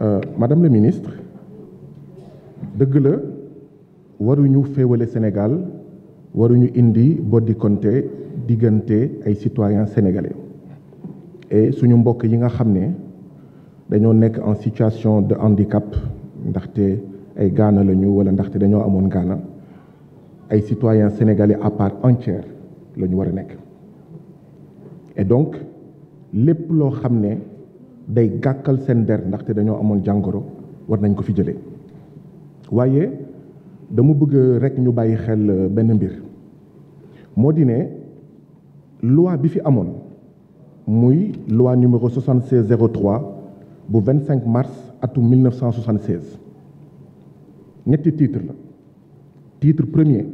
Euh, Madame la ministre dëgg la waruñu féewale Sénégal waruñu indi boddikonte diggante ay citoyens sénégalais et suñu mbokk yi nga xam ne dañoo nekk en situation de handicap ndaxte ay gaana lañu wala ndaxte dañoo amoon gaana ay citoyens sénégalais à part entière lañu ñu war a nekk et donc lépp loo xam ne day gàkkal seen der ndaxte dañoo amoon jàngoro war nañ ko fi jëlee waaye dama bëgg rek ñu bàyyi xel euh, benn mbir moo di ne loi bi fi amoon muy loi numéro 76 03 bu 25 mars atum 1976 ñetti titre la tiitre premier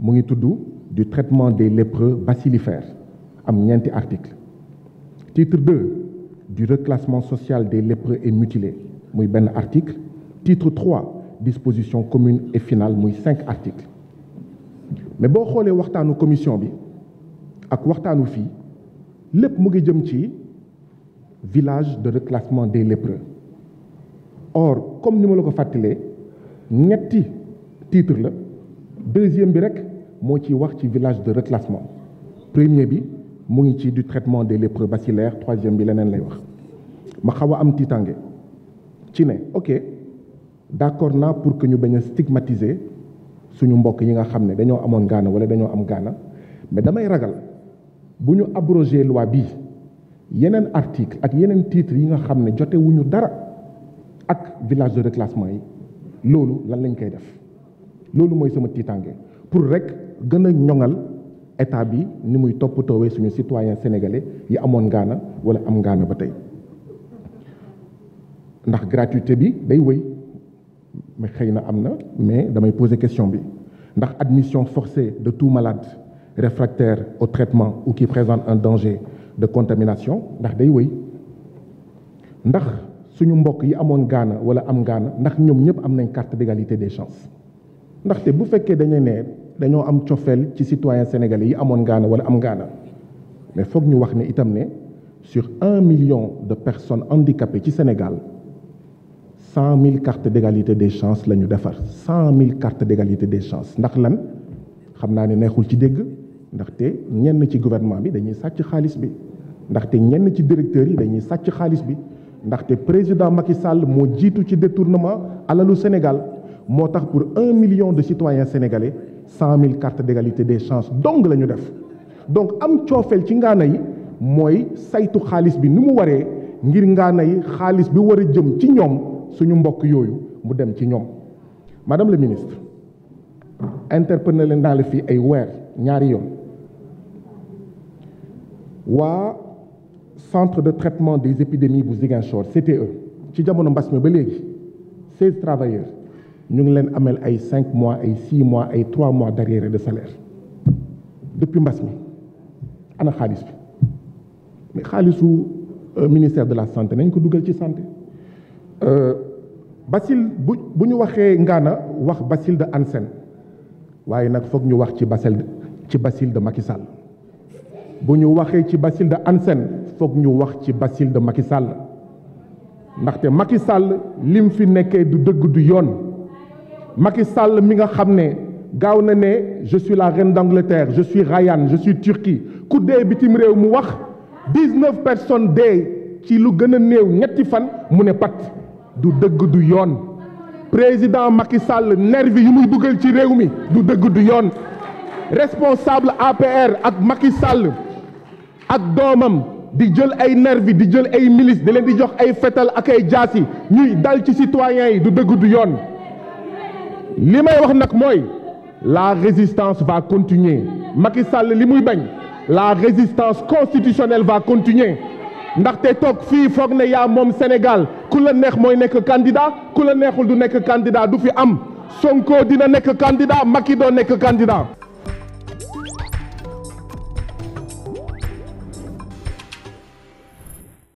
mu ngi tudd du traitement des lépreux bacillifères am ñeenti article titre 2 du reclassement social des lépreux et mutilés muy benn article titre 3 disposition commune et finale muy cinq articles mais boo xoolee waxtaanu commission bi ak waxtaanu fii lépp mu ngi jëm ci village de reclassement des lépreux or comme ni ma la ko fàttalee ñetti titre la deuxième bi rek moo ci wax ci village de reclassement premier bi mu ngi ci du traitement des lépreux bacillaires troisième bi leneen lay wax ma xaw a am tiitange ci ne ok d'accord naa pour que ñu bañ a stigmatiser suñu mbokk yi nga xam ne dañoo amoon gaana wala dañoo am gaana mais damay ragal bu ñu abroger loi bi yeneen article ak yeneen titre yi nga xam ne jote wuñu dara ak village de reclassement yi loolu lan lañ koy def loolu mooy sama tiitange pour rek gën a ñoŋal état bi ni muy toppatoowee suñu citoyen sénégalais yi amoon gaana wala am gaana ba tey ndax gratuité bi day woy mais xëy na am na mais damay poser question bi ndax admission forcée de tout malade réfractaire au traitement ou qui présente un danger de contamination ndax day woy ndax suñu mbokk yi amoon gaana wala am gaana ndax ñoom ñëpp am nañ carte d'égalité des chances ndaxte bu fekkee dañuy ne dañoo am cofeel ci citoyen sénégalais yi amoon Ghana wala am ngaana mais foog ñu wax ne itam ne sur un million de personnes handicapées ci Sénégal cent mille cartes d'égalité des chances la ñu defar cent mille cartes d'égalité des chance ndax lan xam naa ne neexul ci dégg ndaxte ñenn ci gouvernement bi dañuy sàcc xaalis bi ndaxte ñenn ci directeurs yi dañuy sàcc xaalis bi ndaxte président Macky Sall moo jiitu ci détournement alalu Sénégal moo tax pour un million de citoyens sénégalais cent mille cartes d'égalité des chances dong la ñu def donc am coofeel ci ngaana yi mooy saytu xaalis bi ni mu waree ngir ngaana yi xaalis bi war a jëm ci ñoom suñu mbokk yooyu mu dem ci ñoom madame la ministre interpellé leen naa la fii ay weer ñaari yoon waa centre de traitement des épidémies bu Ziguinchor CTE ci jamono mbas mi ba léegi seize travailleurs ñu ngi leen ameel ay cinq mois ay six mois ay trois mois d'arriéré de salaire depuis mbas mi ana xaalis bi mais xaalisu euh, ministère de la santé nañ ko dugal ci santé euh, Basile bu bu ñu waxee ngaana wax Basile de Hansen waaye nag foog ñu wax ci Basile ci Basile de Macky Sall bu ñu waxee ci Basile de Hansen foog ñu wax ci Basile de Macky Sall ndaxte Macky lim fi nekkee du dëgg du yoon Macky Sall mi nga xam ne gaaw na ne je suis la reine d'Angleterre je suis Ryan je suis Turquie ku dee bitim réew mu wax dix-neuf personnes de ci lu gën a néew ñetti fan mu ne pat du dëgg du yoon président Macky Sall nervi yu muy dugal ci réew mi du dëgg du yoon responsable APR ak Macky Sall ak doomam di jël ay nervi di jël ay milice di leen di jox ay fetal ak ay jaasi ñuy dal ci citoyens yi du dëgg du yoon li may wax nag mooy la résistance va continuer Macky Sall li muy bañ la résistance constitutionnelle va continuer ndaxte toog fii foog ne yaa moom Sénégal ku la neex mooy nekk candidat ku la neexul du nekk candidat du fi am Sonko dina nekk candidat Macky doo nekk candidat